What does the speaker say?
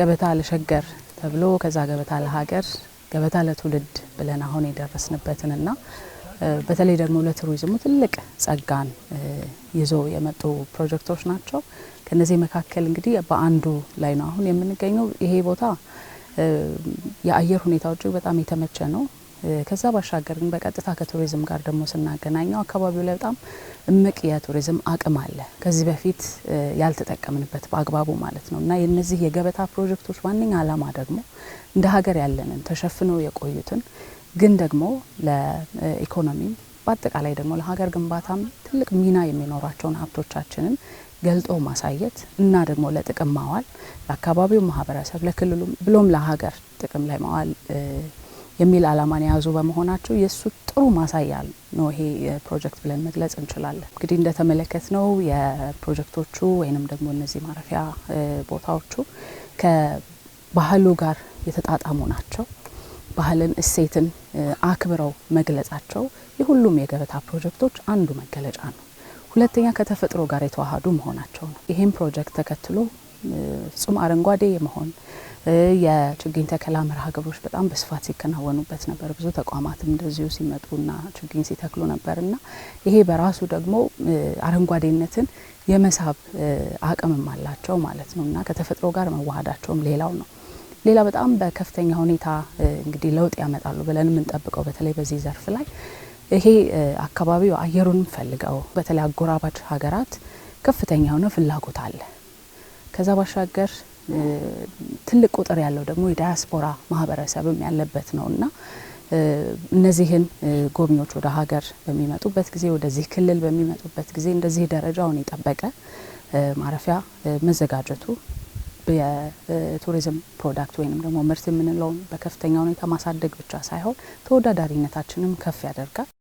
ገበታ ለሸገር ተብሎ ከዛ ገበታ ለሀገር ገበታ ለትውልድ ብለን አሁን የደረስንበትንና በተለይ ደግሞ ለቱሪዝሙ ትልቅ ጸጋን ይዞ የመጡ ፕሮጀክቶች ናቸው። ከነዚህ መካከል እንግዲህ በአንዱ ላይ ነው አሁን የምንገኘው። ይሄ ቦታ የአየር ሁኔታው እጅግ በጣም የተመቸ ነው። ከዛ ባሻገር ግን በቀጥታ ከቱሪዝም ጋር ደግሞ ስናገናኘው አካባቢው ላይ በጣም እምቅ የቱሪዝም አቅም አለ፣ ከዚህ በፊት ያልተጠቀምንበት በአግባቡ ማለት ነው። እና የነዚህ የገበታ ፕሮጀክቶች ዋነኛ ዓላማ ደግሞ እንደ ሀገር ያለንን ተሸፍነው የቆዩትን ግን ደግሞ ለኢኮኖሚም በአጠቃላይ ደግሞ ለሀገር ግንባታም ትልቅ ሚና የሚኖራቸውን ሀብቶቻችንን ገልጦ ማሳየት እና ደግሞ ለጥቅም ማዋል ለአካባቢው ማህበረሰብ፣ ለክልሉም ብሎም ለሀገር ጥቅም ላይ ማዋል የሚል አላማን የያዙ በመሆናቸው የእሱ ጥሩ ማሳያ ነው ይሄ ፕሮጀክት ብለን መግለጽ እንችላለን። እንግዲህ እንደተመለከት ነው የፕሮጀክቶቹ ወይንም ደግሞ እነዚህ ማረፊያ ቦታዎቹ ከባህሉ ጋር የተጣጣሙ ናቸው። ባህልን፣ እሴትን አክብረው መግለጻቸው የሁሉም የገበታ ፕሮጀክቶች አንዱ መገለጫ ነው። ሁለተኛ ከተፈጥሮ ጋር የተዋሃዱ መሆናቸው ነው። ይህም ፕሮጀክት ተከትሎ ፍጹም አረንጓዴ የመሆን የችግኝ ተከላ መርሃ ግብሮች በጣም በስፋት ሲከናወኑበት ነበር። ብዙ ተቋማትም እንደዚሁ ሲመጡና ችግኝ ሲተክሉ ነበር እና ይሄ በራሱ ደግሞ አረንጓዴነትን የመሳብ አቅምም አላቸው ማለት ነው እና ከተፈጥሮ ጋር መዋሃዳቸውም ሌላው ነው። ሌላ በጣም በከፍተኛ ሁኔታ እንግዲህ ለውጥ ያመጣሉ ብለን የምንጠብቀው በተለይ በዚህ ዘርፍ ላይ ይሄ አካባቢው አየሩንም ፈልገው በተለይ አጎራባች ሀገራት ከፍተኛ የሆነ ፍላጎት አለ ከዛ ባሻገር ትልቅ ቁጥር ያለው ደግሞ የዳያስፖራ ማህበረሰብም ያለበት ነው እና እነዚህን ጎብኚዎች ወደ ሀገር በሚመጡበት ጊዜ ወደዚህ ክልል በሚመጡበት ጊዜ እንደዚህ ደረጃውን የጠበቀ ማረፊያ መዘጋጀቱ የቱሪዝም ፕሮዳክት ወይንም ደግሞ ምርት የምንለውን በከፍተኛ ሁኔታ ማሳደግ ብቻ ሳይሆን ተወዳዳሪነታችንም ከፍ ያደርጋል።